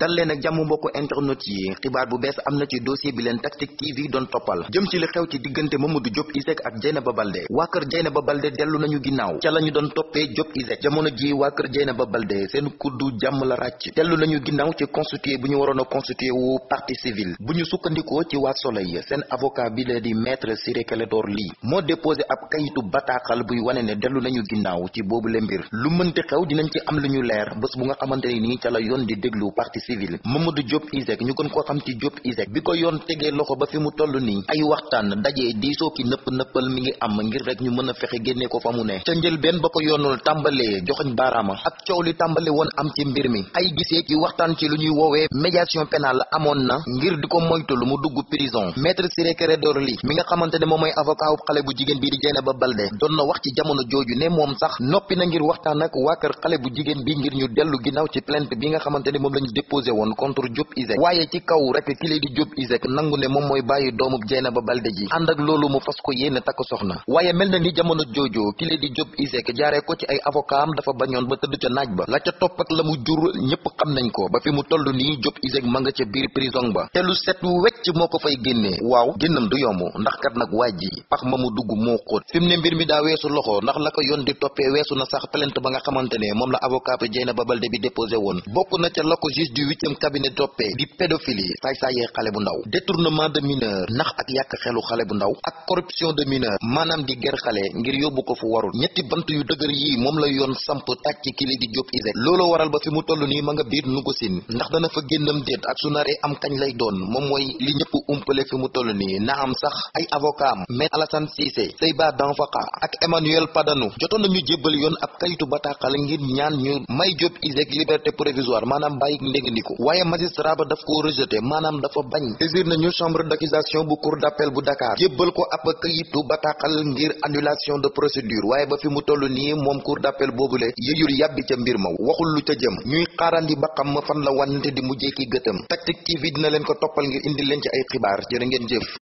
dal leen ak jàmm mbokk internet yi xibaar bu bees am na ci dossier bi leen Tactic bi doon toppal jëm ci li xew ci diggante Mamadou Diop ISEG ak Dieynaba ba waa kër Dieynaba Baldé dellu ginnaaw ca la ñu doon toppee Diop ISEG jamono ji waa kër Dieynaba Baldé seen kuddu jàmm la ràcc dellu nañu ginnaaw ci constitué bu ñu waroon a constitué wu partie civile bu ñu sukkandikoo ci waa Soleil seen avocat bi la di maître Ciré Clédor Ly moo déposé ab kayitu bataaxal buy wane ne dellu nañu ginnaaw ci boobu le mbir lu mënti xew dinañ ci am lu ñu leer bés nga xamante ni ca la yoon di déglu partie civile Mamadou Diop ISEG ñu gën koo xam ci Diop ISEG bi ko yoon tegee loxo ba fi mu toll nii ay waxtaan dajee diisoo ki nëpp nëppal mi ngi am ngir rek ñu mën a fexe génnee ko fa mu ne ca njëlbeen ba ko yoonul tàmbalee joxoñ baaraama ak coow li tàmbale woon am ci mbir mi ay gisee ki waxtaan ci lu ñuy woowee médiation pénale amoon na ngir di ko moytu lu mu dugg prison maître Ciré Clédor Ly mi nga xamante moom mooy avocat xale bu jigéen bii di Dieynaba ne moom déposé woon contre Diop Iseg waaye ci kaw rek ki lay di Diop Iseg nangu ne moom mooy bàyyi doomub Dieynaba Balde ji ànd ak loolu mu fas ko yéene takk soxna waaye mel na ni jamono joojo ki lay di Diop Iseg jaaree ko ci ay avocat dafa bañoon ba tëdd ca naaj ba la ca topp ak la mu jur ñëpp xam nañ ko ba fi mu toll nii Diop Iseg ma nga ca biir prison ba te lu set wecc moo ko fay génnee waaw génnam du yomb ndax kat nag waaj ji pax ma mu dugg moo xóot fi mu ne mbir mi daa weesu loxo ndax la ko yoon di toppee weesu na sax plainte ba nga xamante ne moom la avocat bi Dieynaba Balde bi huitième cabinet toppee di pédophilie saay-saayee xale bu ndaw détournement de mineur nax ak yàq xelu xale bu ndaw ak corruption de mineur maanaam di ger xale ngir yóbbu ko fu warul ñetti bant yu dëgër yi moom la yoon samp tàcc kili di Diop ISEG looloo waral ba fi mu toll nii ma nga biir nugusin ndax dana fa génnam déet ak su naree am kañ lay doon moom mooy li ñëpp umpale fi mu toll nii na am sax ay avocat am maître Alassane Cissé Seyba Danfaka ak Emmanuel Padanu jotoon nañu jébbal yoon ab kayitu bataaxal sukkandiku waaye magistrat ba daf ko rejeté maanaam dafa bañ saisir nañu chambre d'accusation bu cour d'appel bu Dakar jébbal ko ab kayitu bataaxal ngir annulation de procédure waaye ba fi mu toll nii moom cour d'appel boobule yëyul yàbbi ca mbir ma waxul lu ca jëm ñuy xaarandi ba xam fan la wànnante di mujjee ki gëtëm Tactic TV dina leen ko toppal ngir indi leen ci ay xibaar jërë ngeen jëf